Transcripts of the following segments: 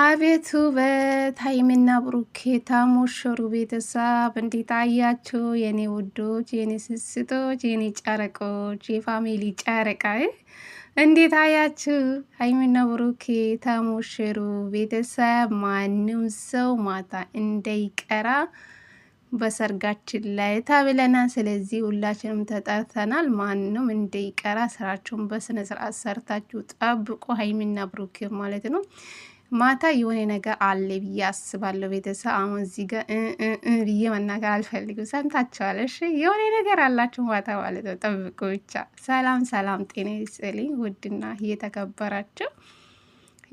አቤት ውበት! ሀይሚና ብሩኬ ታሞሸሩ። ቤተሰብ እንዴት አያችሁ? የኔ ውዶች፣ የኔ ስስቶች፣ የኔ ጨረቆች፣ የፋሚሊ ጨረቃ እንዴት አያችሁ? ሀይሚና ብሩኬ ታሞሸሩ። ቤተሰብ ማንም ሰው ማታ እንዳይቀራ በሰርጋችን ላይ ተብለናል። ስለዚህ ሁላችንም ተጠርተናል። ማንም እንዳይቀራ ስራችሁን በስነ ስርዓት ሰርታችሁ ጠብቁ። ሀይሚና ብሩኬ ማለት ነው። ማታ የሆነ ነገር አለ ብዬ አስባለሁ። ቤተሰብ አሁን እዚህ ጋር ብዬ መናገር አልፈልግም። ሰምታችኋል። እሺ የሆነ ነገር አላችሁ ማታ ማለት ነው። ጠብቁ ብቻ። ሰላም ሰላም፣ ጤና ይስጥልኝ ውድና እየተከበራችሁ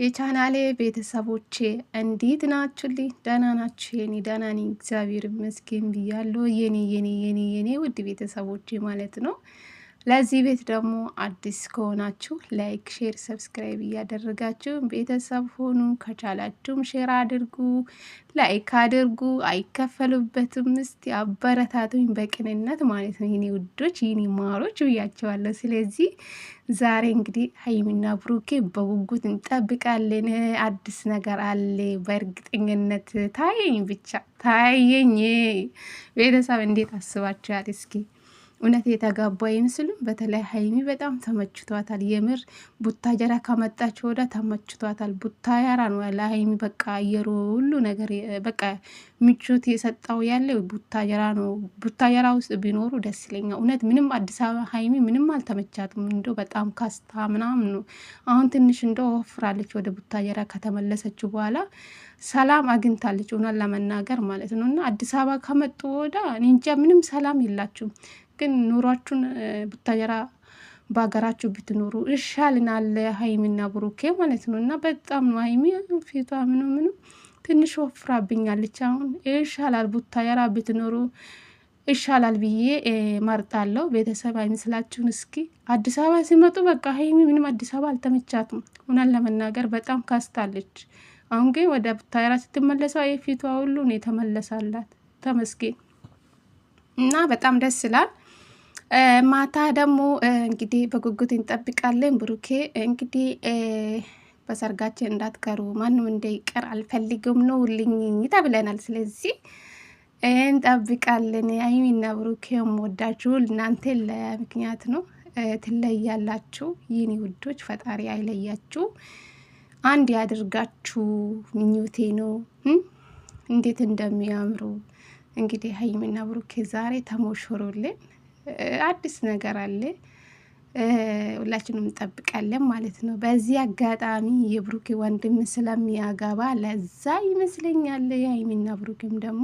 የቻናሌ ቤተሰቦቼ እንዴት ናችሁልኝ? ደህና ናችሁ? የኔ ደህና ነኝ እግዚአብሔር ይመስገን ብያለሁ። የኔ የኔ የኔ የኔ ውድ ቤተሰቦቼ ማለት ነው ለዚህ ቤት ደግሞ አዲስ ከሆናችሁ ላይክ፣ ሼር፣ ሰብስክራይብ እያደረጋችሁ ቤተሰብ ሆኑ። ከቻላችሁም ሼር አድርጉ፣ ላይክ አድርጉ። አይከፈሉበትም። እስቲ አበረታቱኝ በቅንነት ማለት ነው። ይኔ ውዶች፣ ይኔ ማሮች ብያቸዋለሁ። ስለዚህ ዛሬ እንግዲህ ሀይሚና ብሩኬ በጉጉት እንጠብቃለን። አዲስ ነገር አለ በእርግጠኝነት ታየኝ፣ ብቻ ታየኝ። ቤተሰብ እንዴት አስባችኋል? እስኪ እውነት የተጋባ አይመስልም። በተለይ ሀይሚ በጣም ተመችቷታል። የምር ቡታጀራ ከመጣች ወዳ ተመችቷታል። ቡታያራ ነው ያለ ሀይሚ በቃ አየሩ ሁሉ ነገር በቃ ምቾት የሰጠው ያለ ቡታጀራ ነው። ቡታጀራ ውስጥ ቢኖሩ ደስ ይለኛ። እውነት ምንም አዲስ አበባ ሀይሚ ምንም አልተመቻትም። እንደ በጣም ካስታ ምናምን ነው። አሁን ትንሽ እንደ ወፍራለች ወደ ቡታጀራ ከተመለሰች በኋላ ሰላም አግኝታለች። እውነት ለመናገር ማለት ነው እና አዲስ አበባ ከመጡ ወዳ እንጃ ምንም ሰላም የላችሁም። ግን ኑሯችሁን ቡታጀራ በሀገራችሁ ብትኖሩ ይሻልናል። ሀይሚና ብሩኬ ማለት ነው። እና በጣም ነው ሀይሚ ፊቷ ምኑ ምኑ ትንሽ ወፍራብኛለች። አሁን እሻላል ቡታጀራ ብትኖሩ እሻላል ብዬ መርጣለሁ። ቤተሰብ አይመስላችሁን? እስኪ አዲስ አበባ ሲመጡ በቃ ሀይሚ ምንም አዲስ አበባ አልተመቻትም። እውነቱን ለመናገር በጣም ካስታለች። አሁን ግን ወደ ቡታጀራ ስትመለሰው የፊቷ ሁሉ ነው የተመለሳላት። ተመስገን እና በጣም ደስ ይላል። ማታ ደግሞ እንግዲህ በጉጉት እንጠብቃለን። ብሩኬ እንግዲህ በሰርጋችን እንዳትቀሩ ማንም እንዳይቀር አልፈልግም ነው ልኝ ተብለናል። ስለዚህ እንጠብቃለን። አይሚና ብሩኬ ወዳችሁ እናንተ ምክንያት ነው ትለያላችሁ። ይህን ውዶች ፈጣሪ አይለያችሁ፣ አንድ ያድርጋችሁ ምኞቴ ነው። እንዴት እንደሚያምሩ እንግዲህ ሀይሚና ብሩኬ ዛሬ ተሞሽሮልን አዲስ ነገር አለ። ሁላችንም እንጠብቃለን ማለት ነው። በዚህ አጋጣሚ የብሩኬ ወንድም ስለሚያገባ ለዛ ይመስለኛል የሀይሚና ብሩኬም ደግሞ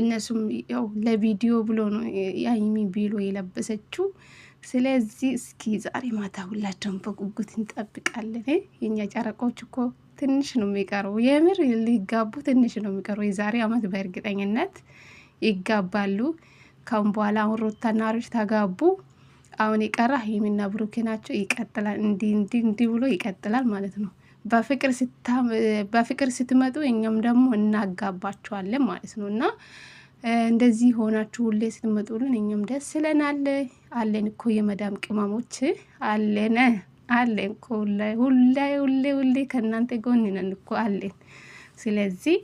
እነሱም ያው ለቪዲዮ ብሎ ነው የሀይሚ ቢሎ የለበሰችው። ስለዚህ እስኪ ዛሬ ማታ ሁላቸውን በጉጉት እንጠብቃለን። የኛ ጨረቆች እኮ ትንሽ ነው የሚቀረው፣ የምር ሊጋቡ ትንሽ ነው የሚቀረው። የዛሬ አመት በእርግጠኝነት ይጋባሉ። ካሁን በኋላ አሁን ሩታና አብርሽ ተጋቡ። አሁን የቀራ ሀይሚና ብሩኬ ናቸው። ይቀጥላል፣ እንዲ እንዲ እንዲ ብሎ ይቀጥላል ማለት ነው። በፍቅር ስትመጡ እኛም ደግሞ እናጋባቸዋለን ማለት ነው እና እንደዚህ ሆናችሁ ሁሌ ስትመጡልን እኛም ደስ ይለናል። አለን እኮ የመዳም ቅመሞች አለን አለን እኮ ሁሌ ሁሌ ሁሌ ከእናንተ ጎን ነን እኮ አለን። ስለዚህ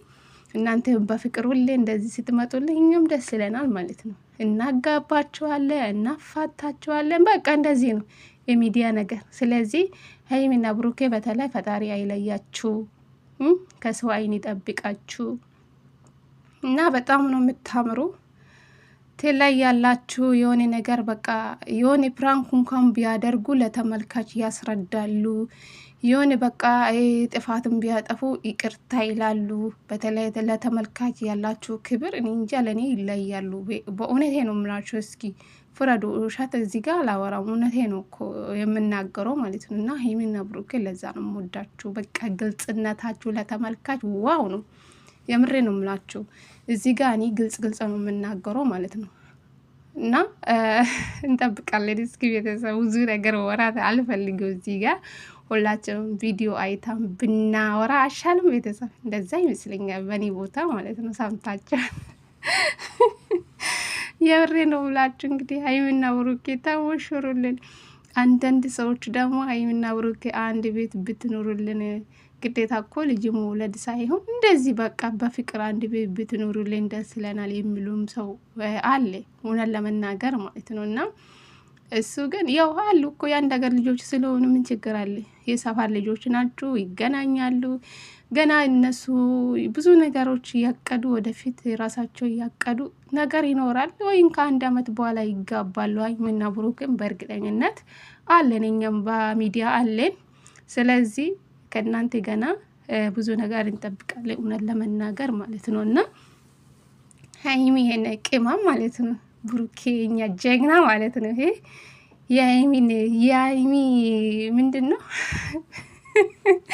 እናንተ በፍቅር ሁሌ እንደዚህ ስትመጡልን እኛም ደስ ይለናል ማለት ነው። እናጋባቸዋለን፣ እናፋታቸዋለን። በቃ እንደዚህ ነው የሚዲያ ነገር። ስለዚህ ሀይሚና ብሩኬ በተለይ ፈጣሪ አይለያችሁ፣ ከሰው አይን ይጠብቃችሁ እና በጣም ነው የምታምሩ። ቴል ላይ ያላችሁ የሆነ ነገር በቃ የሆነ ፕራንክ እንኳን ቢያደርጉ ለተመልካች ያስረዳሉ። የሆነ በቃ ጥፋትን ቢያጠፉ ይቅርታ ይላሉ። በተለይ ለተመልካች ያላችሁ ክብር እኔ እንጃ ለእኔ ይለያሉ። በእውነቴ ነው የምላችሁ። እስኪ ፍረዱ። ውሸት እዚህ ጋር አላወራም። እውነቴ ነው እኮ የምናገረው ማለት ነው። እና ሀይሚና ብሩኬ ለዛ ነው የምወዳችሁ። በቃ ግልጽነታችሁ ለተመልካች ዋው ነው። የምሬ ነው የምላችሁ። እዚህ ጋር እኔ ግልጽ ግልጽ ነው የምናገረው ማለት ነው። እና እንጠብቃለን። እስኪ ቤተሰብ ብዙ ነገር ወራት አልፈልገው። እዚህ ጋር ሁላችንም ቪዲዮ አይታም ብናወራ አሻልም። ቤተሰብ እንደዛ ይመስለኛል በእኔ ቦታ ማለት ነው። ሳምታቸው የብሬ ነው ምላችሁ። እንግዲህ ሀይሚና ብሩኬ ተሞሽሩልን። አንዳንድ ሰዎች ደግሞ ሀይሚና ብሩኬ አንድ ቤት ብትኖሩልን ግዴታ እኮ ልጅ መውለድ ሳይሆን እንደዚህ በቃ በፍቅር አንድ ቤት ብትኖሩልን ደስ ይለናል የሚሉም ሰው አለ፣ እውነት ለመናገር ማለት ነው። እና እሱ ግን ያው አሉ እኮ የአንድ ሀገር ልጆች ስለሆኑ ምን ችግር አለ? የሰፈር ልጆች ናችሁ፣ ይገናኛሉ። ገና እነሱ ብዙ ነገሮች እያቀዱ ወደፊት ራሳቸው እያቀዱ ነገር ይኖራል። ወይም ከአንድ አመት በኋላ ይጋባሉ። ሀይሚና ብሩክም በእርግጠኝነት አለን፣ እኛም በሚዲያ አለን። ስለዚህ ከእናንተ ገና ብዙ ነገር እንጠብቃለን፣ እውነት ለመናገር ማለት ነው። እና ሀይሚ ይሄን ቅማም ማለት ነው፣ ብሩኬ እኛ ጀግና ማለት ነው። ይሄ የሀይሚን የሀይሚ ምንድን ነው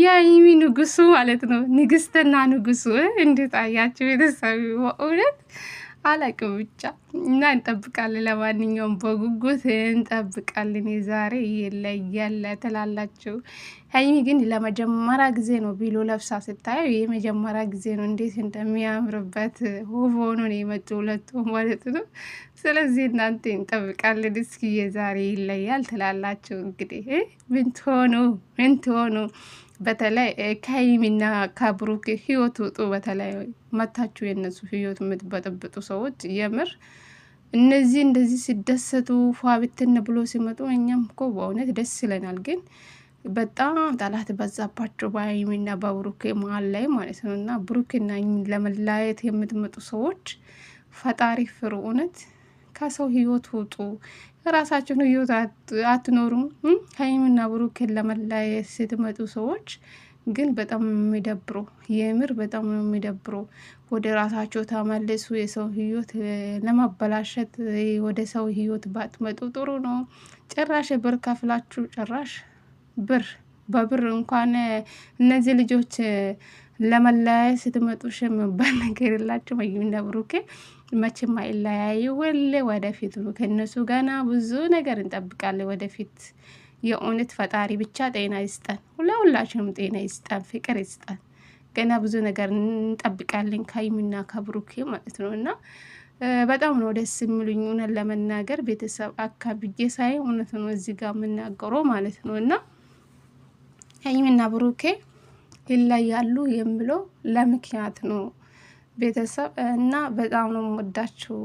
የሀይሚ ንጉሱ ማለት ነው። ንግስትና ንጉሱ እንዴት አያችሁ ቤተሰብ በእውነት አላቅም ብቻ እና እንጠብቃለን። ለማንኛውም በጉጉት እንጠብቃለን። የዛሬ ይለያል ትላላችሁ። ሀይሚ ግን ለመጀመሪያ ጊዜ ነው ቢሎ ለብሳ ስታየው የመጀመሪያ ጊዜ ነው። እንዴት እንደሚያምርበት ውብ ሆኖ ነው የመጡ ሁለቱ ማለት ነው። ስለዚህ እናንተ እንጠብቃለን። እስኪ የዛሬ ይለያል ትላላችሁ። እንግዲህ ምን ትሆኑ ምን ትሆኑ በተለይ ከሀይሚና ከብሩክ ህይወት ውጡ። በተለይ መታችሁ የነሱ ህይወት የምትበጠብጡ ሰዎች የምር እነዚህ እንደዚህ ሲደሰቱ ፏብትን ብትን ብሎ ሲመጡ እኛም እኮ በእውነት ደስ ይለናል። ግን በጣም ጠላት በዛባቸው በሀይሚና በብሩክ መሀል ላይ ማለት ነው እና ብሩክና ለመለያየት የምትመጡ ሰዎች ፈጣሪ ፍሩ እውነት ከሰው ህይወት ውጡ፣ ከራሳችሁን ህይወት አትኖሩም። ሀይሚና ብሩክን ለመለያየት ስትመጡ ሰዎች ግን በጣም የሚደብሩ የምር በጣም ነው የሚደብሩ። ወደ ራሳቸው ተመልሱ። የሰው ህይወት ለማበላሸት ወደ ሰው ህይወት ባትመጡ ጥሩ ነው። ጭራሽ ብር ከፍላችሁ ጭራሽ ብር በብር እንኳን እነዚህ ልጆች ለመለያየት ስትመጡ ሽም የሚባል ነገር የላቸው። ሀይሚና ብሩኬ መቼም አይለያዩ። ወደፊት ነው ከእነሱ ገና ብዙ ነገር እንጠብቃለን ወደፊት። የእውነት ፈጣሪ ብቻ ጤና ይስጠን፣ ለሁላችንም ጤና ይስጠን፣ ፍቅር ይስጠን። ገና ብዙ ነገር እንጠብቃለን ከሀይሚና ከብሩኬ ማለት ነው እና በጣም ነው ደስ የሚሉኝ እውነት ለመናገር ቤተሰብ አካብጄ ሳይ እውነት ነው እዚህ ጋር የምናገረው ማለት ነው እና ሀይሚና ብሩኬ ይለያሉ የምለው ለምክንያት ነው። ቤተሰብ እና በጣም ነው የምወዳችሁ።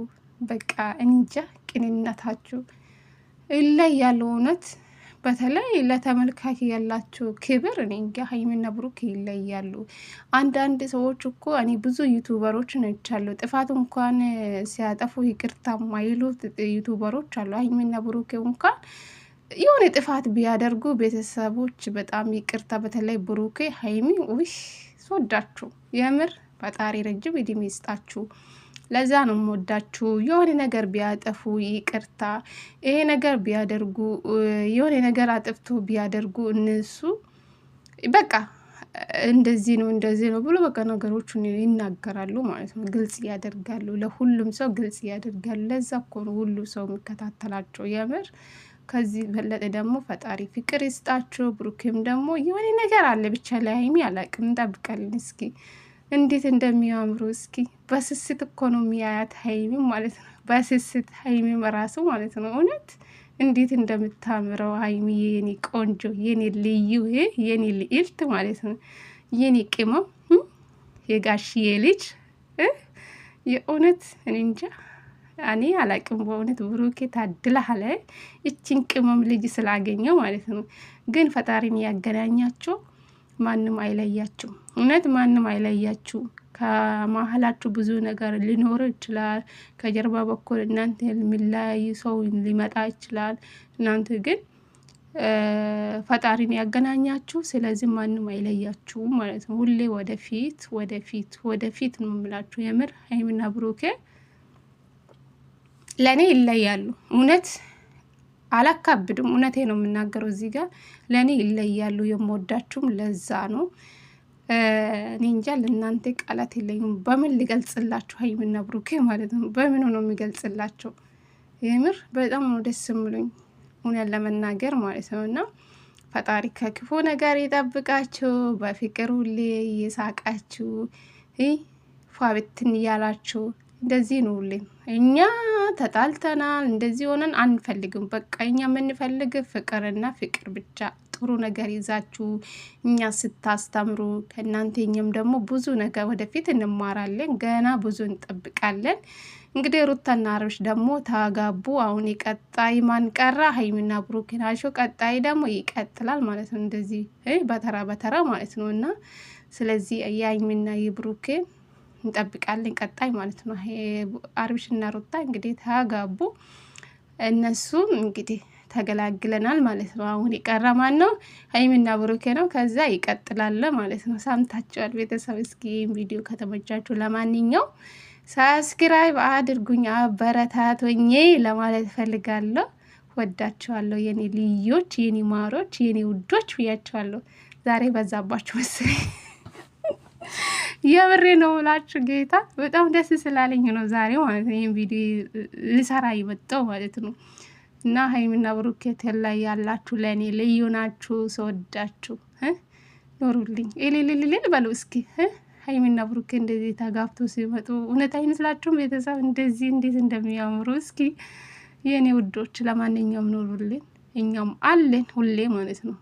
በቃ እንጃ ቅንነታችሁ ይለያሉ እውነት። በተለይ ለተመልካች ያላችሁ ክብር እኔ እንጃ ሀይሚና ብሩክ ይለያሉ። አንዳንድ ሰዎች እኮ እኔ ብዙ ዩቱበሮችን አይቻለሁ ጥፋት እንኳን ሲያጠፉ ይቅርታ ማይሉት ዩቱበሮች አሉ። ሀይሚና ብሩክ እንኳን የሆነ ጥፋት ቢያደርጉ ቤተሰቦች በጣም ይቅርታ። በተለይ ብሩኬ ሀይሚ ውሽ ስወዳችሁ የምር ፈጣሪ ረጅም እድሜ ይስጣችሁ። ለዛ ነው የምወዳችሁ። የሆነ ነገር ቢያጠፉ ይቅርታ፣ ይሄ ነገር ቢያደርጉ የሆነ ነገር አጥፍቶ ቢያደርጉ እነሱ በቃ እንደዚህ ነው እንደዚህ ነው ብሎ በቃ ነገሮቹን ይናገራሉ ማለት ነው። ግልጽ እያደርጋሉ ለሁሉም ሰው ግልጽ እያደርጋሉ። ለዛ እኮ ነው ሁሉ ሰው የሚከታተላቸው የምር ከዚህ በለጠ ደግሞ ፈጣሪ ፍቅር ይስጣቸው። ብሩኬም ደግሞ የሆነ ነገር አለ ብቻ ለሀይሚ አላቅም። እንጠብቃለን እስኪ እንዴት እንደሚያምሩ እስኪ። በስስት እኮ ነው የሚያያት ሀይሚ ማለት ነው። በስስት ሀይሚ ራሱ ማለት ነው። እውነት እንዴት እንደምታምረው ሀይሚ የኔ ቆንጆ፣ የኔ ልዩ፣ የኔ ልዕልት ማለት ነው። የኔ ቅመም የጋሽዬ ልጅ የእውነት እንጃ እኔ አላቅም በእውነት ብሩኬ ታድለሃል። እችን ቅመም ልጅ ስላገኘው ማለት ነው። ግን ፈጣሪን ያገናኛችሁ፣ ማንም አይለያችሁ። እውነት ማንም አይለያችሁ። ከመሀላችሁ ብዙ ነገር ሊኖር ይችላል። ከጀርባ በኩል እናንተ የሚለያይ ሰው ሊመጣ ይችላል። እናንተ ግን ፈጣሪን ያገናኛችሁ። ስለዚህ ማንም አይለያችሁም ማለት ነው። ሁሌ ወደፊት ወደፊት ወደፊት ነው የምላችሁ። የምር ሀይሚና ብሩኬ ለእኔ ይለያሉ። እውነት አላካብድም፣ እውነቴ ነው የምናገረው። እዚህ ጋር ለእኔ ይለያሉ። የምወዳችሁም ለዛ ነው። እኔ እንጃ ለእናንተ ቃላት የለኝም። በምን ልገልጽላችሁ? ሀይሚና ብሩኬ ማለት ነው። በምኑ ነው የሚገልጽላቸው? የምር በጣም ነው ደስ የምሉኝ እውነት ለመናገር ማለት ነው እና ፈጣሪ ከክፉ ነገር ይጠብቃችሁ። በፍቅር ሁሌ እየሳቃችሁ ፏብትን እያላችሁ እንደዚህ ኑሩልኝ። እኛ ተጣልተናል፣ እንደዚህ ሆነን አንፈልግም። በቃ እኛ የምንፈልግ ፍቅርና ፍቅር ብቻ። ጥሩ ነገር ይዛችሁ እኛ ስታስተምሩ ከእናንተ እኛም ደግሞ ብዙ ነገር ወደፊት እንማራለን። ገና ብዙ እንጠብቃለን። እንግዲህ ሩታና አብርሽ ደግሞ ታጋቡ። አሁን የቀጣይ ማን ቀራ? ሀይሚና ብሩክ ቀጣይ ደግሞ ይቀጥላል ማለት ነው። እንደዚህ በተራ በተራ ማለት ነው እና ስለዚህ የሀይሚና የብሩክን እንጠብቃለን። ቀጣይ ማለት ነው እና ሩታ እንግዲህ ተጋቡ። እነሱም እንግዲህ ተገላግለናል ማለት ነው። አሁን የቀረ ማን ነው? ሀይሚና ብሩኬ ነው። ከዛ ይቀጥላል ማለት ነው። ሳምታችኋል ቤተሰብ። እስኪ ቪዲዮ ከተመቻችሁ ለማንኛው ሳብስክራይብ አድርጉኝ አበረታቶኜ ለማለት ፈልጋለሁ። ወዳችኋለሁ የኔ ልዮች፣ የኔ ማሮች፣ የኔ ውዶች ብያችኋለሁ። ዛሬ በዛባችሁ መሰለኝ። የብሬ ነው ብላችሁ ጌታ በጣም ደስ ስላለኝ ነው ዛሬ ማለት ነው ይህን ቪዲዮ ልሰራ የመጣው ማለት ነው። እና ሀይሚና ብሩኬት ላይ ያላችሁ ለእኔ ልዩ ናችሁ፣ ሰወዳችሁ ኖሩልኝ። ኤሌሌሌሌል በሉ እስኪ ሀይሚና ብሩኬ እንደዚህ ተጋብቶ ሲመጡ እውነት አይመስላችሁም? ቤተሰብ እንደዚህ እንዴት እንደሚያምሩ እስኪ የእኔ ውዶች፣ ለማንኛውም ኖሩልን፣ እኛም አለን ሁሌ ማለት ነው።